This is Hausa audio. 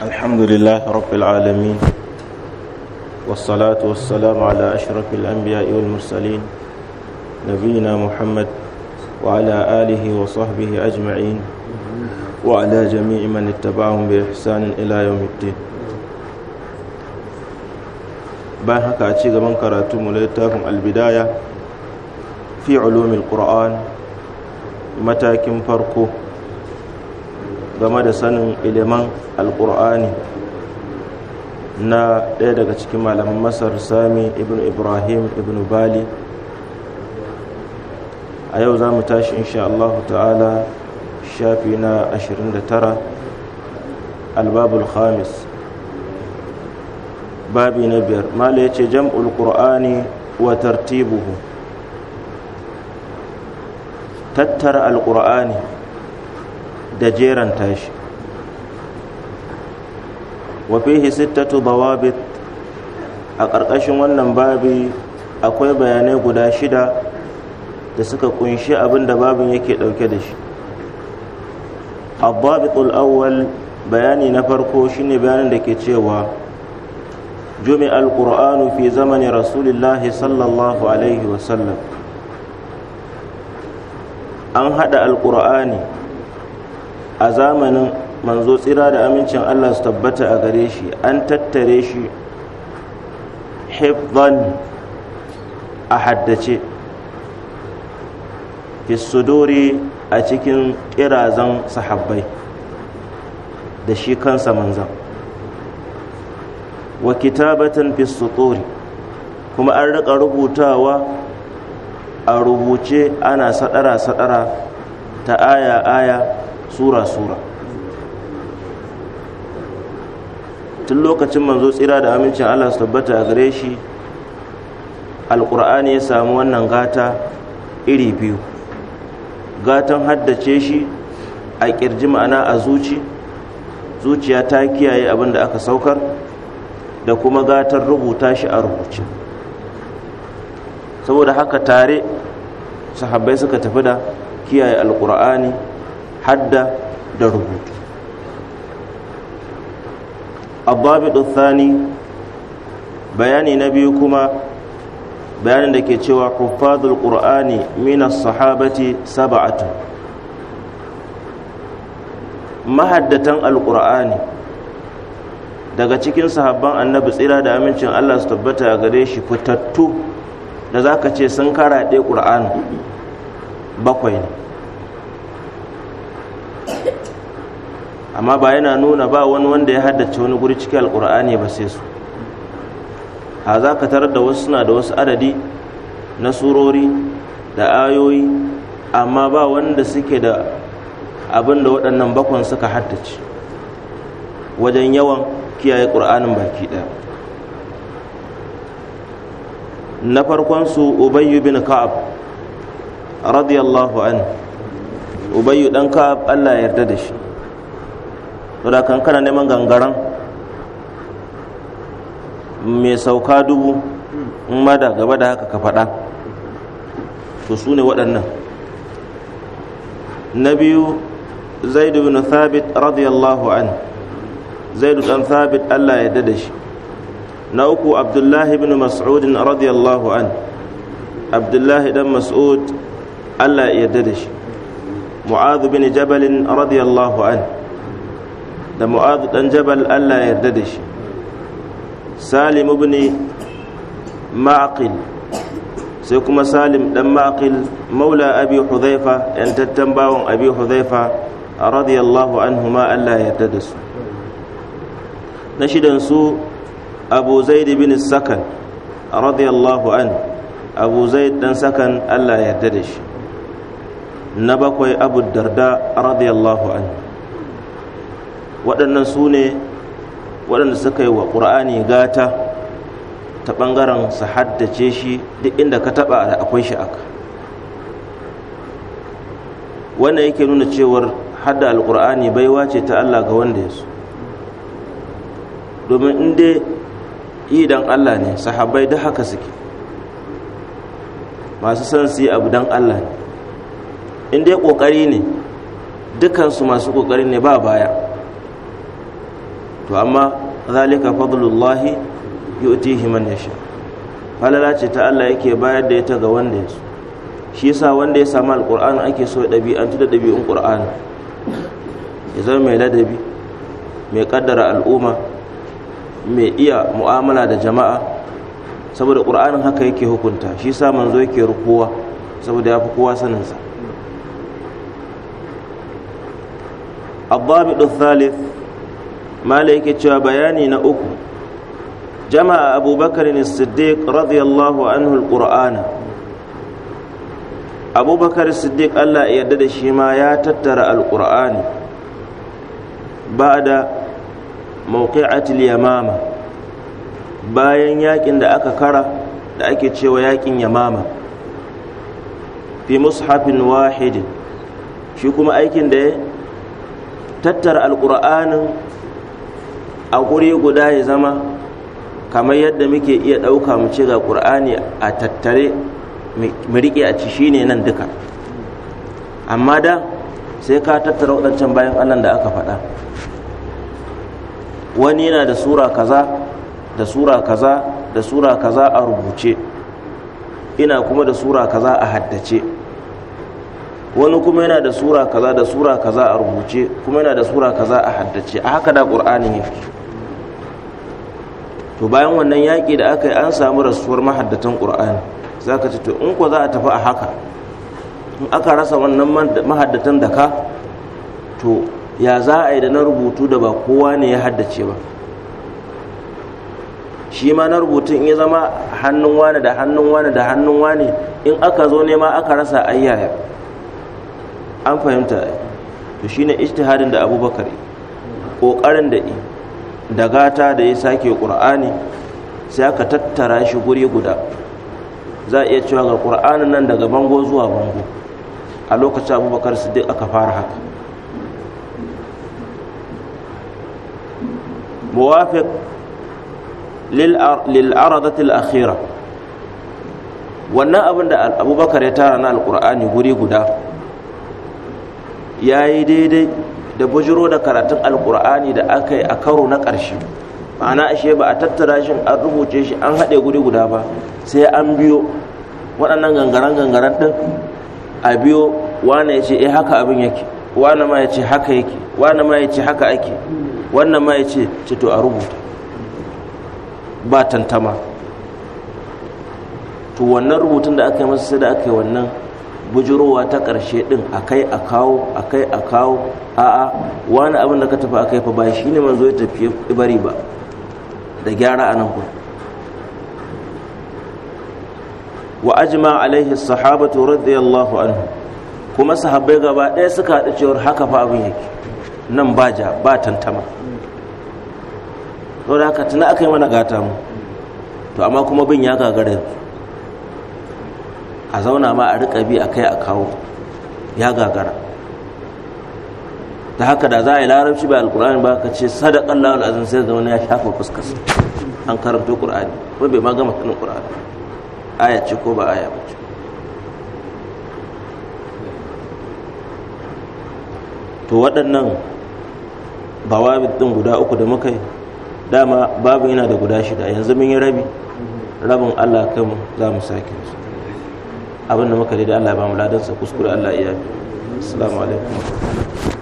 الحمد لله رب العالمين والصلاة والسلام على أشرف الأنبياء والمرسلين نبينا محمد وعلى آله وصحبه أجمعين وعلى جميع من اتبعهم بإحسان إلى يوم الدين bayan haka a ci gaban karatu mu littafin albidaya fi ulumil qur'an matakin farko game da sanin ilimin alkur'ani na ɗaya daga cikin malaman masar sami ibn ibrahim ibn bali a yau za mu tashi insha Allah ta'ala shafi na 29 albabul khamis babi na biyar mala ya ce jam'ul qur'ani wa tartibuhu tattara alkur'ani da jeran tashi wa fihi sittatu bawabit a ƙarƙashin wannan babi akwai bayanai guda shida da suka kunshi abinda da babin yake ɗauke da shi abbabitul awwal bayani na farko shine bayanin da ke cewa jumi alƙur'anu fi zamani rasulillahi sallallahu alaihi wasallam an haɗa alƙur'ani a zamanin manzo tsira da amincin Allah su tabbata a gare shi an tattare shi hifdan a haddace fisuduri a cikin kirazan sahabbai da shi kansa manzan wa kitabatan fisuduri kuma an rika rubutawa a rubuce ana sadara-sadara ta aya-aya sura-sura tun lokacin manzo tsira da amincin allah su tabbata a gare shi alkur'ani ya samu wannan gata iri biyu gatan haddace shi a kirji ma'ana a zuci zuciya ta kiyaye abinda aka saukar da kuma gatan rubuta shi a rubuce saboda haka tare sahabbai suka tafi da kiyaye alkur'ani hadda da rubutu abbabidu thani bayani na biyu kuma bayanin da ke cewa kufadul ƙur'ani minas sahabati saba'atu mahaddatan alƙur'ani daga cikin sahabban annabi tsira da amincin Allah su tabbata a gare shi fitattu da za ka ce sun karaɗe ƙur'ani bakwai ne amma ba yana nuna ba wani wanda ya haddace wani guri cikin alkur'ani ba sai su a za ka tarar da wasu suna da wasu adadi na surori da ayoyi amma ba wanda suke da abin da waɗannan bakon suka haddace wajen yawan kiyaye ƙur'anin baki ɗaya na farkonsu ubayyu bin ka'ab radiyallahu an ubayyu ɗan ka'ab allah ya yarda da shi to da kan kana neman gangaran mai sauka dubu in ma da gaba da haka ka faɗa to su ne waɗannan na biyu zaidu bin thabit radiyallahu an zaidu dan thabit allah ya dada shi na uku abdullahi bin mas'ud radiyallahu an abdullahi dan mas'ud allah ya dada shi mu'adhu bin jabal radiyallahu an da mu'adh dan jabal Allah ya yarda da shi salim ibn ma'qil sai kuma salim dan ma'qil maula abi hudhaifa yan tattan bawon abi hudhaifa radiyallahu anhuma Allah ya yarda da su na shidan su abu zaid bin sakan radiyallahu an abu zaid dan sakan Allah ya yarda da shi na bakwai abu darda radiyallahu anhu waɗannan su ne waɗanda suka yi wa ƙur'ani gata ta ɓangaren su haddace shi duk inda ka taɓa da akwai shi aka wannan yake nuna cewar hadda alƙur'ani baiwa ce ta allah ga wanda ya so domin inda yi don allah ne sahabbai duk haka suke masu son su yi abu don allah ne in dai ƙoƙari ne dukansu masu ƙoƙari ne ba baya to amma zalika fadlullahi yu'tihi man yasha falala ce ta Allah yake bayar da ita ga wanda ya so shi yasa wanda ya samu alquran ake so ɗabi'antu da ɗabi'un qur'ani ya zama mai ladabi mai kaddara al'umma mai iya mu'amala da jama'a saboda qur'anin haka yake hukunta shi yasa manzo yake rukowa saboda yafi fi kowa saninsa الضابط الثالث mala yake cewa bayani na uku jama'a abubakar siddiq radiyallahu anhu al al-qur'ana abubakar siddiq allah ya yarda da shi ma ya tattara al-qur'ani ba'da al yamama bayan yakin da aka kara da ake cewa yakin yamama fi mushafin wahid shi kuma aikin da ya tattara al al-qur'anin a guri guda ya zama kamar yadda muke iya ɗauka mu ce ga ƙur'ani a tattare mu riƙe a ci shine nan duka amma da sai ka tattara waɗancan bayan allan da aka faɗa wani yana da sura kaza da sura kaza da sura kaza a rubuce ina kuma da sura kaza a haddace wani kuma yana da sura kaza da sura kaza a rubuce kuma yana da sura kaza a haddace a haka da ƙur'anin ya fito to bayan wannan yaƙi da aka yi an samu rasuwar mahaddatan ƙur'ani za ka to in ko za a tafi a haka in aka rasa wannan mahaddatan da ka to ya za a yi da na rubutu da ba kowa ne ya haddace ba shi ma na rubutun in ya zama hannun wane da hannun wane da hannun wane in aka zo ne ma aka rasa ayyaya an fahimta to shine ijtihadin da abubakar kokarin da yi da gata da ya sake qur'ani sai aka tattara shi guri guda za a iya cewa ga qur'anin nan daga bango zuwa bango a lokacin abubakar siddiq aka fara haka muwafiq lil'aradatil akhira wannan abin da abubakar ya tara na alqur'ani guri guda ya yi daidai da bujiro da karatun alkur'ani da aka yi a karo na ƙarshe ma'ana ashe ba a tattara shi an rubuce shi an haɗe guri guda ba sai an biyo waɗannan gangaren gangaren ɗin a biyo wane ya ce eh haka abin yake wane ma ya ce haka yake wane ma ya ce haka ake wannan ma ya ce ce to a rubuta ba tantama to wannan rubutun da aka yi masa sai da aka yi wannan bujurowa ta ƙarshe ɗin a kai, a kawo a kai, a kawo a'a wani abin da ka tafi kai fa ba shi ne manzo ya tafi bari ba da gyara a nan kuma wa ajma alaihi sahabatu radiyallahu anhu kuma sahabbai gaba ɗaya suka haɗu cewar haka fa abin yake nan ba ja ba tantama da haka tuna aka yi mana gata mu to amma kuma bin ya gagara a zauna ma a rika bi a kai a kawo ya gagara ta haka da za a yi larabci ba alkur'ani ba ka ce sadakan lawal azin sai zama ya shafa fuskas an karanto ƙur'ani ko bai ma gama kanin ƙur'ani aya ce ko ba aya ba ce to waɗannan bawabi ɗin guda uku da muka yi dama babu yana da guda shida yanzu mun yi rabi rabin allah kan za mu sake su abin da muka da Allah ya ba mu ladansa kuskure Allah ya yi assalamu alaikum